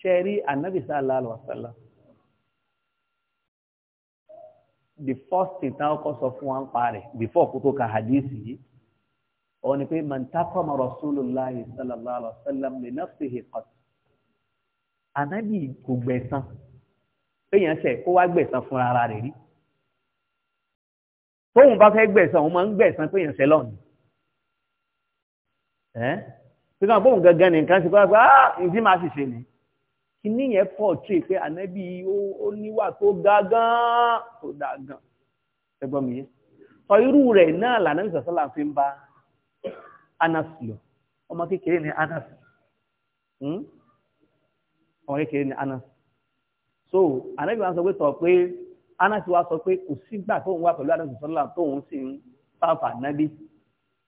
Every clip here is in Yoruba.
ṣẹ́rí Nabi sallallahu alaihi wasallam the first thing táwọn kọ́ sọ fún wa ń pa rẹ̀ before kó tó ka hadith yìí òun man taqama rasulullahi sallallahu alaihi wasallam li nafsihi qat ànábì kò gbẹ̀san péyàn ṣẹ̀ kó wá gbẹ̀san fún ara rẹ̀ rí tóun bá fẹ́ gbẹ̀san òun máa ń gbẹ̀san péyàn ṣẹ̀ lọ́nà ẹ́ pé káwọn bóun gangan nìkan ṣe kó wá pé ah ǹdí máa sì ṣe nìyí kìíní yẹn portray pé ànábì ó níwà tó ga gan tó da gan ẹgbọ́n mi yé sọ irú rẹ̀ náà lànà ìsọ̀sọ́là fi ń bá Anas lọ ọmọ kékeré ni Anas hmm? ọmọ kékeré ni Anas so ànábì wa sọ pé sọ pé Anas wa sọ pé kò sígbà tóun wà pẹ̀lú Anas ìsọ̀sọ́là tóun sì ń sáfà nábì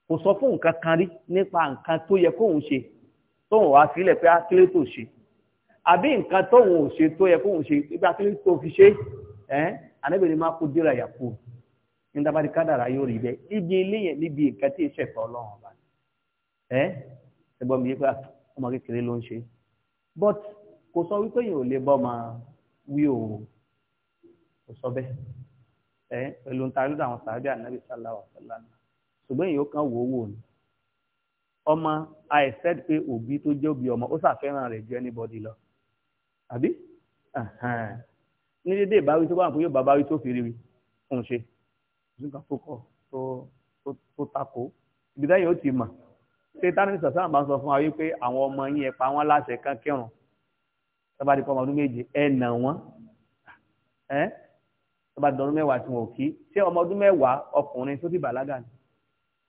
kò sọ fún nǹkan kan rí nípa nǹkan tó yẹ kóun ṣe tóun wá sílẹ̀ pé á tó ṣe àbí nǹkan tóun ò ṣe tó yẹ kóun ṣe ipa kí tó fi ṣe ẹ́ anábìrin máa kó dírà yàkó nítabàdí kádàrà yóò rí bẹ́ẹ̀ ibi ilé yẹn níbi nǹkan tí ìṣẹ̀tọ́ ọlọ́run ọba ẹ́ ẹgbọ́n mi yé pé ọmọ kékeré ló ń ṣe but kò sọ wípé yìí ò lè bọ́ máa wí òru kò sọ bẹ́ẹ̀ ẹ pẹ̀lú ń tarí lọ́dọ̀ àwọn sàábẹ́ ànábì sálàwà sálàmù ṣùgbọ́n èyí ó kàn wò ó wò ni ọmọ i said pé òbí tó jẹ́ òbí ọmọ ó ṣàfẹ́ràn rẹ̀ ju anybody lọ àbí ní dédé ìbáwí tó bá wọn kó yóò bàbá wí tó fi rí wí fún un ṣe nígbà tó kọ tó takò ibi dáyìn ó ti mà ṣé tánàbí sàṣà àbá sọ fún wa wípé àwọn ọmọ yín ẹ pa wọn láṣẹ kan kírun tọ́ba di pọ́nmọ́ ọdún méje ẹ nà wọ́n ẹ tọ́ba di ọdún mẹ́wàá tí wọn ò kí ṣé ọmọ ọdún mẹ́wàá ọkùnrin tó ti bàlágà ni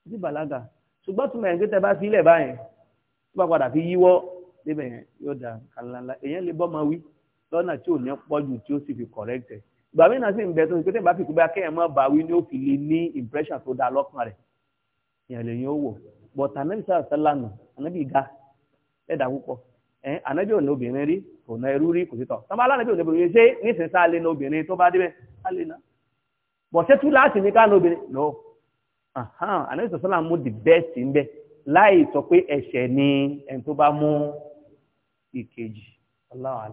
tó ti bàlágà ṣùgbọ́n tí mo ẹ̀ tẹ bá sílẹ̀ báyìí tó bá padà fi yíwọ́ débẹ̀ yẹn yóò dà nǹkan ńláńlá èèyàn lè bọ́ máa wí lọ́nà tí ò ní pọ́jù tí ó sì fi correct ẹ̀ ìgbà mí náà sì ń bẹ tó ń pété bá fi kú bá kéèyàn má bá wí ni ó fi lè ní impression tó dáa lọ́kàn rẹ̀ èèyàn lè yín ó wò but anabi sáà sálánù anabi ga ẹ̀dá púpọ̀ ẹ̀ anabi ò ní obìnrin rí kò ná irú rí kò sí tọ̀ tọ́ba alánàbí ò ní obìnrin ṣé nísìnyí sáà lé ní obìnrin tó bá débẹ̀ sáà lé náà bọ̀ ṣé tú ìkejì aláwọ̀